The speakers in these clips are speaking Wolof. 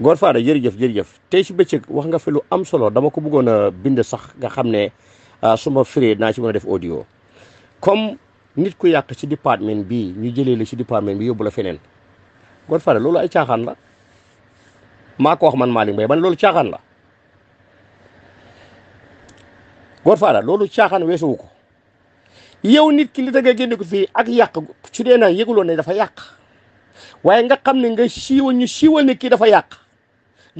Godfather jërëjëf jërëjëf tey si bëccëg wax nga fi lu am solo dama ko bëggoon a bind sax nga xam ne ah, su ma firee naa ci mën a def audio comme nit ku yàq ci département bii ñu jëlee la ci département bi yóbbu la feneen Godfather loolu ay caaxaan la maa ko wax man Malick Mbaye man loolu caaxaan la Godfather loolu caaxaan weesuwu ko yow nit ki li da nga génne ko fii ak yàq su dee naa yëguloon ne dafa yàq waaye nga xam ne nga siiwal ñu siiwal ne kii dafa yàq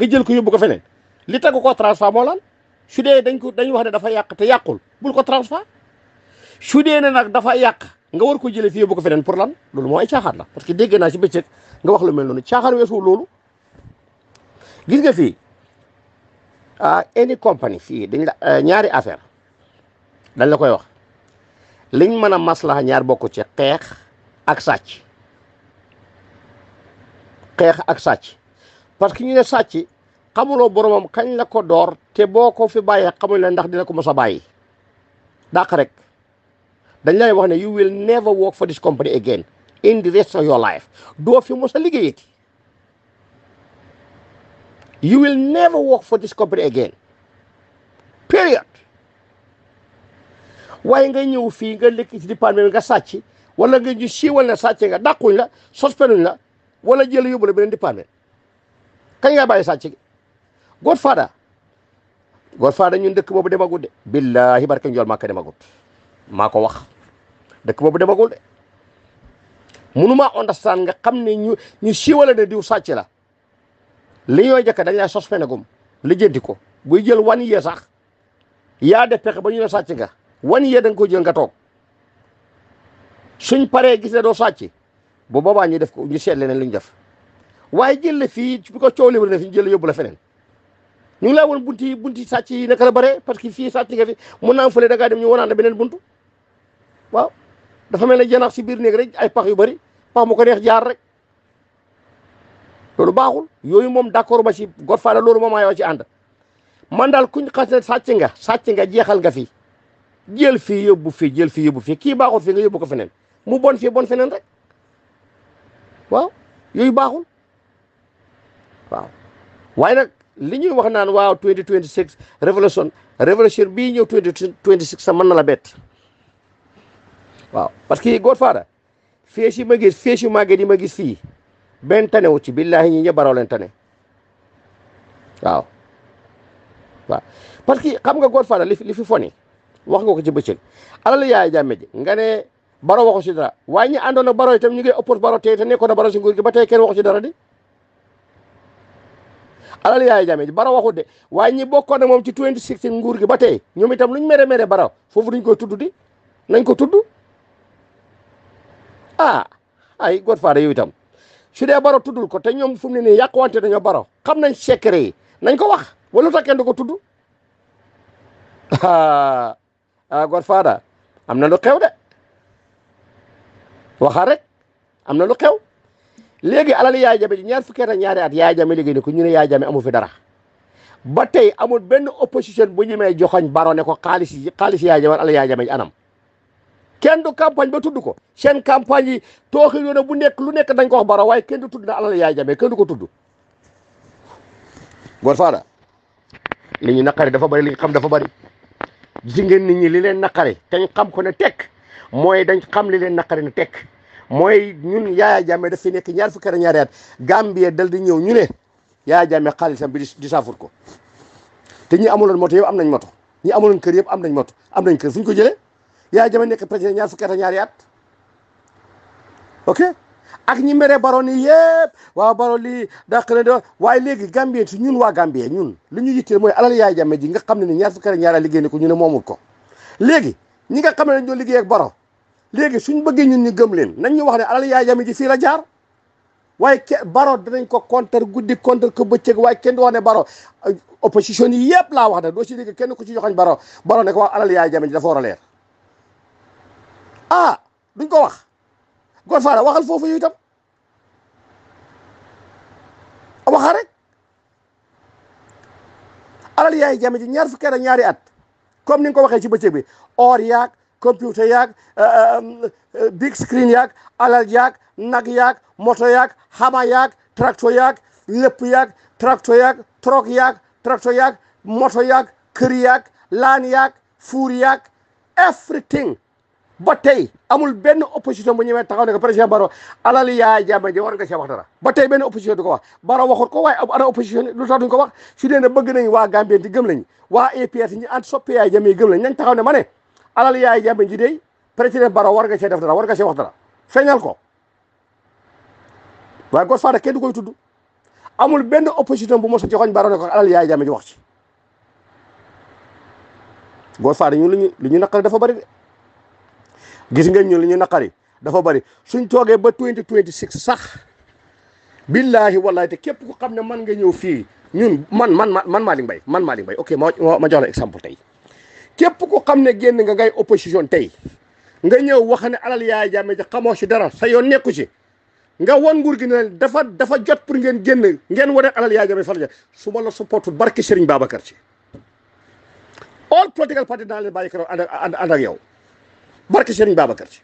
nga jël ko yóbbu ko feneen li tegu ko transfert moo lan su dee dañ ko dañu wax ne dafa yàq te yàqul bul ko transfert su dee ne nag dafa yàq nga war ko jëlee fi yóbbu ko feneen pour lan loolu moo ay caaxaan la parce que dégg naa ci bëccëg nga wax lu mel noonu caaxaan weesu loolu gis nga fii ah any company fii dañ la eh, ñaari affaire dañ la koy wax liñ mën a maslaha ñaar bokku ci xeex ak sàcc xeex ak sàcc parce que ñu ne sàcc xamuloo boromam kañ la ko door te boo ko fi bàyyee xamuñ la ndax dina ko mos a bàyyi dàq rek dañ lay wax ne you will never work for this company again in the rest of your life doo fi mos a liggéeyati you will never work for this again period waaye nga ñëw fii nga lekk ci département nga sàcc wala nga ñu siiwal ne sàcc nga dàquñ la sospenuñ la wala jël yóbbu la beneen département kañ gaa bàyyi sàcc gi Godfather Godfather ñun dëkk boobu demagul de billahi barke njool màkka demagul maa ko wax dëkk boobu demagul de mënumaa understand nga xam ne ñu ñu siiwale ne diw sàcc la li ñooy jëkk dañ lay suspend gum lijjanti ko buy jël wan yee sax yaa def pexe ba ñu ne sàcc nga wan yee da ko jël nga toog suñ paree gis ne doo sàcc bu boobaa ñu def ko ñu seet leneen lu ñu def waaye jël la fii bi ko coow li wër na fi jël la yóbbu la feneen ñu ngi laa woon bunti bunti sàcc yi naka la bare parce que fii sàcc nga fi mun naa am fële da ngaa dem ñu wanaan la beneen buntu waaw dafa mel ne janax si biir néeg rek ay pax yu bari pax mu ko neex jaar rek loolu baaxul yooyu moom d'accord ba ci Godfather loolu moom ayoo ci ànd man daal kuñ xas ne sàcc nga sàcc nga jeexal nga fi jël fii yóbbu fii jël fii yóbbu fii kii baaxul fii nga ko feneen mu bon fii bon feneen rek baaxul waaw waaye nag li ñuy wax naan waaw 2026 révolution révolution bii ñëw 2026 sax mën na la bett waaw parce que Godfather fees yi ma gis fees yu màgget yi ma gis si benn tanewu ci billaahi ñi ñë baraw leen tane waaw waaw parce que xam nga Godfather li fi li fi foni wax nga ko ci bëccëg alal yaay jàmme ji nga ne baro waxu si dara waaye ñi àndoon na baro ñu ngi oppose baro tey te nekkoon na si nguur gi ba tey kenn waxu si dara di alal yaay jame baro waxut de waaye ñi bokkoon na moom ci 2016 nguur gi ba tey ñoom itam luñ mere mere baro foofu duñ ko tudd di nañ ko tudd ah ay Godfather yu itam su dee baro tuddul ko te ñoom fu mu ne nii yàquwante nañoo baro xam nañ secret yi nañ ko wax wala lu tax ko tudd ah Godfather am na lu xew de waxa rek am na lu xew. léegi alal yaay jame ñaar fukki at ak ñaari at yaay jame liggéey ne ko ñu ne yaay jame amu fi dara ba tey amul benn opposition bu ñu may joxoñ baro ne ko xaalis yi xaalis yaay jame alal anam kenn du campagne ba tudd ko seen campagne yi tooxi yoone bu nekk lu nekk dañ ko wax baro waaye kenn du tudd na alal yaay jame kenn ko tudd Goor Fada li ñu naqari dafa bari liñ ñu xam dafa bari gis ngeen nit ñi li leen naqari dañ xam ko ne tekk mooy dañ xam li leen naqari ne tekk mooy ñun Yaya Jammeh daf fi nekk ñaar fukki at ñaari at Gambie dal di ñëw ñu ne Yaya Jammeh xaalisam di saafur ko te ñi amuloon moto yëpp am nañ moto ñi amuloon kër yëpp am nañ moto am nañ kër fu ñu ko jëlee Yaya Jammeh nekk président ñaar fukki at ñaari at ok ak ñi mere baro ni yëpp waaw baro lii dàq na waaye léegi Gambien si ñun waa Gambien ñun lu ñu yitteel mooy alal Yaya Jammeh ji nga xam ne ni ñaar fukki at ñaari at liggéey ne ko ñu ne moomul ko léegi ñi nga xam ne ñoo liggéey ak baro léegi suñ bëggee ñun ñu gëm leen nañ ñu wax ne alal yaay jame ji fii la jaar waaye ke baro danañ ko contre guddi contre ko bëccëg waaye kenn du wax ne baro opposition yi yëpp laa wax ne doo si dégg kenn ku ci joxañ baro baro ne ko wax alal yaay jame ji a leer ah, ko wax gon faara foofu yu itam waxa rek alal ji ñaar fukki at ñaari at comme ni nga ko waxee ci bëccëg bi or computer yaag eh, eh, eh, big screen yaag alal yaag nag yaag moto yaag xama yaag tracteur yaag lépp yaag tracteur yaag trok yaag tracteur yaag moto yaag kër yaag laan yaag fuur yaag everything ba tey amul benn opposition bu ñëwee taxaw ne ko président Baro alal yaay jàmm ji war nga cee wax dara ba tey benn opposition du ko wax Baro waxut ko waaye ana opposition lu tax duñ ko wax dee ne bëgg nañ waa Gambien di gëm lañ waa APR ñi ànd soppi yaay jàmm yi gëm lañ nañ ne ma alal yaay day president baro war warga ci def dara warga ci wax dara feñal ko way ko faada kenn koy tuddu amul benn opposition bu mo a joxoñ bara ne ko alal yaay jaɓe ji wax ci go faada ñu liñu li ñu naqari dafa bari gis nga ñu li ñu naqari dafa bari suñ toge ba 2026 sax billahi wallahi te kep ko xamne man nga ñew fi ñun man man man maling bay man maling bay. okay ma ma jox la exemple tay képp ko xam ne génn nga ngay opposition tey nga ñëw wax ne alal yaay jàmme ci xamoo si dara sa yoon nekku ci nga won nguur gi ne dafa dafa jot pour ngeen génn ngeen wane alal yaay jàmme fal su ma la supportul barke Serigne Babacar ci all political party naa le bàyyi keroog and and ak yow barke Serigne Babacar ci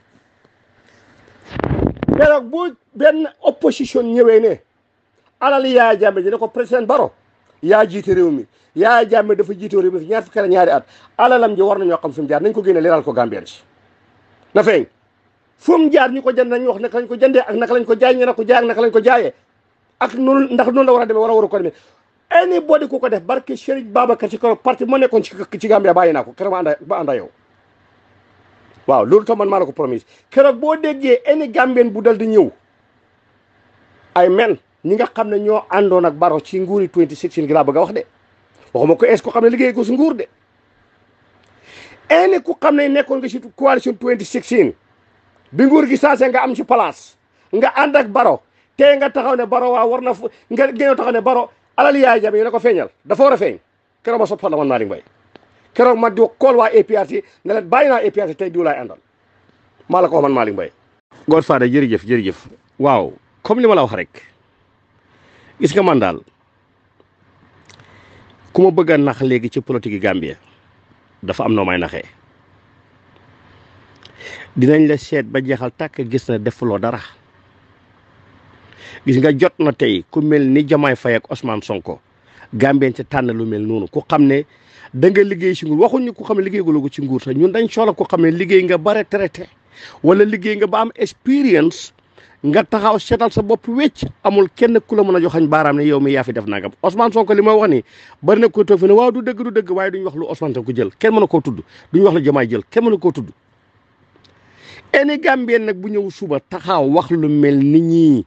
keroog bu benn opposition ñëwee ne alal yaay jàmme ji ne ko président Baro yaa jiite réew mi yaa jàmme dafa jiitoo réew mi ñaar fukki at ñaari at alalam ji war nañoo xam fi mu jaar nañ ko génne leeral ko gambien ci na feeñ fu jaar ñu ko jënd nañ wax naka lañ ko jëndee ak naka lañ ko jaay ñu ko jaay ak naka lañ ko jaayee ak noonu ndax noonu la war a demee war a war a ko demee anybody ku ko def barke Serigne Babacar ci keroog parti ma nekkoon ci ci Gambia bàyyi naa ko keroog ma ànd ba ànd yow waaw loolu tam man maa la ko promise keroog boo déggee any Gambien bu dal di ñëw ay men ñi nga xam ne ñoo àndoon Baro ci nguuri 2016 gi laa bëgg a wax de waxuma ko est-ce xam ne liggéey ko su nguur de ene ku xam ne nekkoon nga ci coalition 2016 bi nguur gi saase nga am ci place nga ànd ak Baro tey nga taxaw ne Baro waa war na fu nga génnoo taxaw ne Baro alal yaay jame yi ko feeñal dafa war a feeñ keroog ma soppal la man Malick Mbaye keroog ma di kool waa APRC ne leen bàyyi naa APRC tey diw laay maa la ko wax man Malick Mbaye Godfather jërëjëf jërëjëf waaw comme li ma la wax rek gis nga man daal ku ma bëgg a nax léegi ci politique Gambie dafa am noo naxee dinañ la seet ba jeexal tàkk gis na defuloo dara gis nga jot na tey ku mel ni Diomaye Faye ak Ousmane Sonko Gambien ci tànn lu mel noonu ku xam ne da nga liggéey ci nguur waxuñu ku xam ne liggéey ci nguur sax ñun dañ soxla ku xam ne liggéey nga ba retraité wala liggéey nga ba am expérience nga taxaw setal sa bop wécc amul kenn kula mëna joxañ ne yow mi yaa fi def nagam Ousmane Sonko limay wax ni bari na ko toog fi ne waaw du deug du deug waaye duñ wax lu Ousmane Sonko jël kenn mëna ko tudd duñ wax lu jamaay jël kenn mëna ko tudd eni Gambien nak bu ñew suba taxaw wax lu mel ni ñi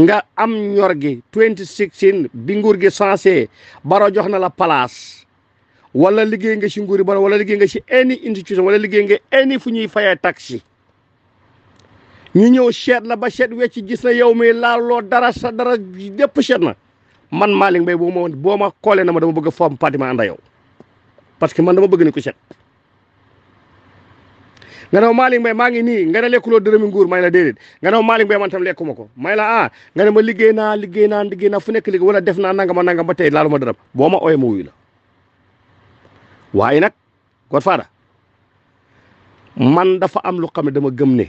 nga am ñor gi 2016 bi nguur gi sansé baro jox na la place wala liggéey nga si nguuri baro wala liggéey nga si any institution wala liggéey nga any fu ñuy fayé taxi ñu ñew xet la ba seet wecc gis na yow mi lo dara sa dara depp xet na man maling Mbaye boo ma bo ma xoolee na ma dama bëgg fam Fatima anda yow parce que man dama bëgg ni ku xet nga naw malik Mbaye ma ngi ni nga ne lekkuloo deureum nguur may la dedet nga naw malik Mbaye man tam lekkuma may la ah nga ne ma ligena, na liggéey na liggéey na fu nek liggéey wala def na nangam nangam ba tey laaluma dërëm boo ma ooyee mo wuy la waye nak Godfather man dafa am lu xam dama gëm ne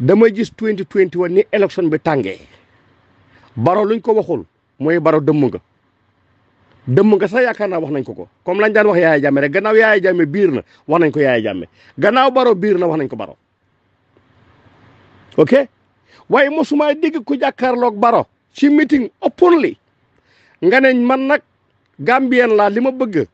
dama gis 2021 ni election bi tangé baro luñ ko waxul moy baro dëmm nga dëmm nga sa yakarna wax nañ ko ko comme lañ daan wax yaay jamme rek gannaaw yaay jamme biir na wax nañ ko yaay jamme gannaaw baro birna na wax nañ ko baro ok way musuma dégg ku lok baro ci meeting openly nga ne man nak gambien la presiden bëgg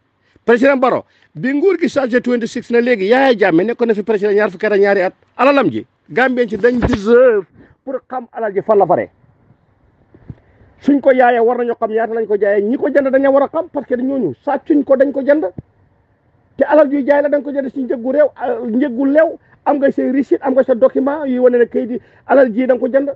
président baro bi nguur gi 26 na yaay jamme ne ko na fi président ñaar fu at ñaari at alalam ji Gambien ci dañ deserve pour xam alal ji fan la bare suñ ko jaayee war nañoo xam ñaata lañ ko jaayee ñi ko jënd dañoo war a xam parce que sa suñ ko dañ ko jënd te alal juy jaay la dañ ko jënd si njëggu réew njëggu lew am nga si receipt am ga sa document yi wane na kayit yi alal ji da nga ko jënd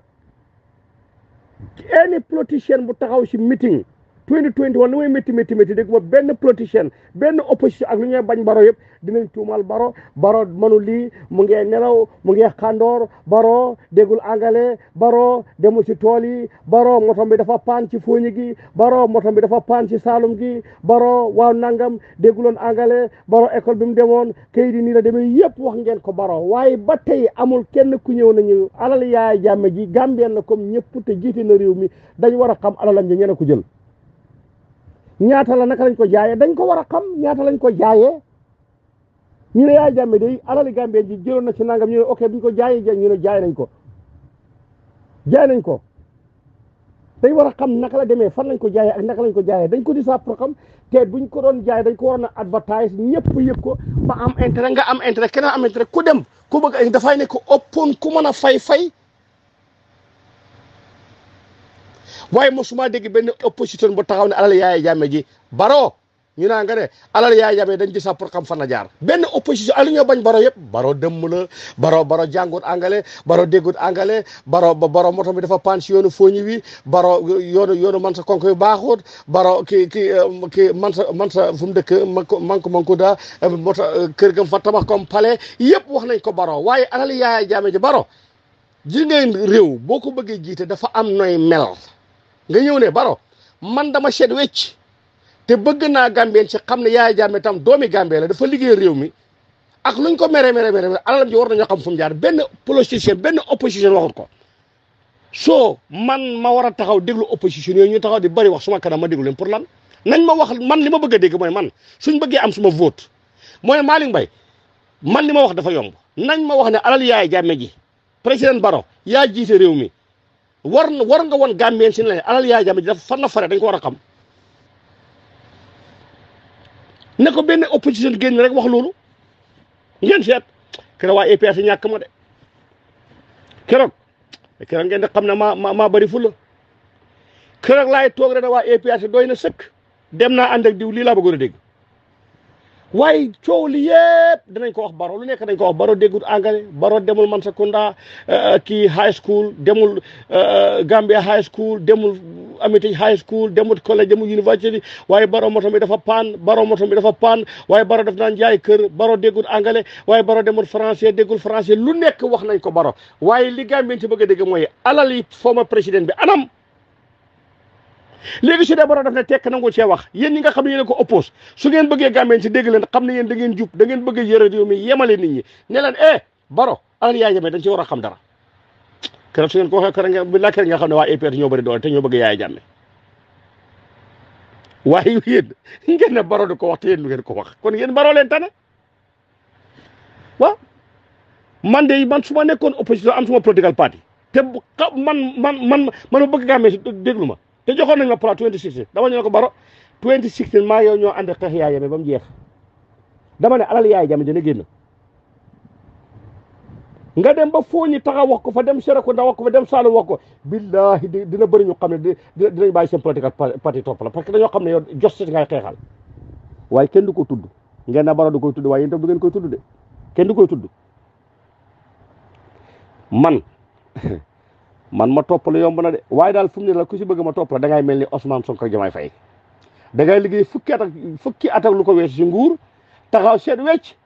any politicien bu taxaw si meeting. 2021 lu muy métti métti métti dégg nga benn politicien benn opposition ak lu ñuy bañ baro yëpp dinañ tuumal baro baro mënu lii mu ngee nelaw mu ngee xàndoor baro déggul angale baro demul ci tool yi baro motom bi dafa paan ci fooñi gi baro motom bi dafa paan ci saalum gi baro waaw nangam dégguloon angale baro école bi mu demoon kayit yi nii la demee yëpp wax ngeen ko baro waaye ba tey amul kenn ku ñëw nañu alal yaay jàmme ji gambien la comme ñëpp te jiite na réew mi dañ war a xam alalam ji ngeen a ko jël ñaata la naka lañ ko jaayee dañ ko war a xam ñaata lañ ko jaaye ñu ne yaay jàmme day alali Gambie ji jëloon na ci nangam ñu ne ok biñ ko jaayee ñu ne jaay nañ ko jaay nañ ko dañ war a xam naka la demee fan lañ ko jaayee ak naka lañ ko jaayee dañ ko di saa pour xam te buñ ko doon jaay dañ ko waroon a advertise ñëpp yëpp ko ba am intérêt nga am intérêt keneen am intérêt ku dem ku bëgg dafay nekk ëppoon ku mën a fay-fay waaye suma dégg benn opposition bu taxaw ne alal yaaya jàmme ji baro ñu naa nga ne alal yaaya jàmme dañ ci sa pour xam fan la jaar benn opposition ala ñoo bañ baro yëpp baro dëmm la baro baro jàngut angale baro déggut angale baro baro moto bi dafa pan si yoonu fooñi wi baro yoonu yoonu man sa konk yu baaxut baro ki ki um, ki man sa man sa fu dëkk manko manko da um, uh, kër gam fa tabax comme palais yëpp wax nañ ko baro waaye alal yaaya jàmme ji baro ji ngeen réew boo ko bëggee jiite dafa am nooy mel nga ñew ne baro man dama sét wécc té bëgg na gambien ci xam yaay jamm tam doomi gambie la dafa liggéey réew mi ak luñ ko méré méré méré alalam ji war nañu xam fu mu jaar benn politicien benn opposition waxut ko so man ma wara a taxaw déglu opposition yooyu ñu taxaw di bari wax suma kanam ma déglu leen pour lan nañ ma wax man li ma bëgg a dégg mooy man suñ bëggee am suma vote mooy maling bay, man li ma wax dafa yomb nañ ma wax ne alal yaay jamm ji président Baro ya jiite réew mi war na war nga woon gàmmeen si na leen alal yaay jàmm ji dafa fan la fare dañ war a xam ne ko benn opposition génn rek wax loolu ngeen seet keroog waa EPS ñàkk ma de keroog keroog ngeen di xam ne ma maa bari bëri fu keroog laay toog rek ne waa EPS doy na sëkk dem naa ànd ak diw lii laa bëggoon a dégg. waaye coow li yëpp dinañ ko wax baro lu nekk dañ ko wax baro déggut angale baro demul Mansakunda euh, euh, kii high school demul euh, Gambia high school demul Amity high school demul collège demul university waaye baro moto mi dafa pan baro moto mi dafa paan waaye baro daf naan jaay kër baro déggut angale waaye baro demul français déggul français lu nekk wax nañ ko baro waaye li Gambien ci bëgg a dégg mooy alal yi former président bi anam léegi su dee borom daf ne tekk nangu cee wax yéen ñi nga xam ne yéen a ko oppose su ngeen bëggee gàmbeen si dégg leen xam ne yéen da ngeen jub da ngeen bëgg yëre réew mi yemale nit ñi ne leen eh baro war a xam dara keroog su ngeen ko waxee keroog nga bi lakkee nga xam ne waa APR ñoo bëri doole te ñoo bëgg yaay jàmme waaye yéen ngeen ne baro du ko wax te yéen lu ngeen ko wax kon yéen baro leen tane waaw man de man su ma nekkoon opposition am suma political party te man man man man ma bëgg gàmbeen déglu ma te joxon nañ la plan 2016 dama ñu ko baro 2016 ma yow ñoo ànd xeex yaay jame ya ba jeex dama ne alal yaay jame dina genn nga dem ba foo taxaw wax ko fa dem sere ko ndaw ko fa dem salu wax ko billahi dina bari ñu xamne ne dinañ bàyyi seen politique ak parti topp la parce que dañu xamne yow justice ngay xexal way kenn du ko tuddu ngeen na baro du ko tuddu way yéen tam du ngeen koy tuddu de kenn du koy tuddu man man ma topp la yomb na de waaye daal fu mu ne la ku ci bëgg ma topp la da ngay mel ni Ousmane Sonko Diomaye Faye da ngay liggéey fukki at ak fukki at ak lu ko weesu si nguur taxaw seet wecc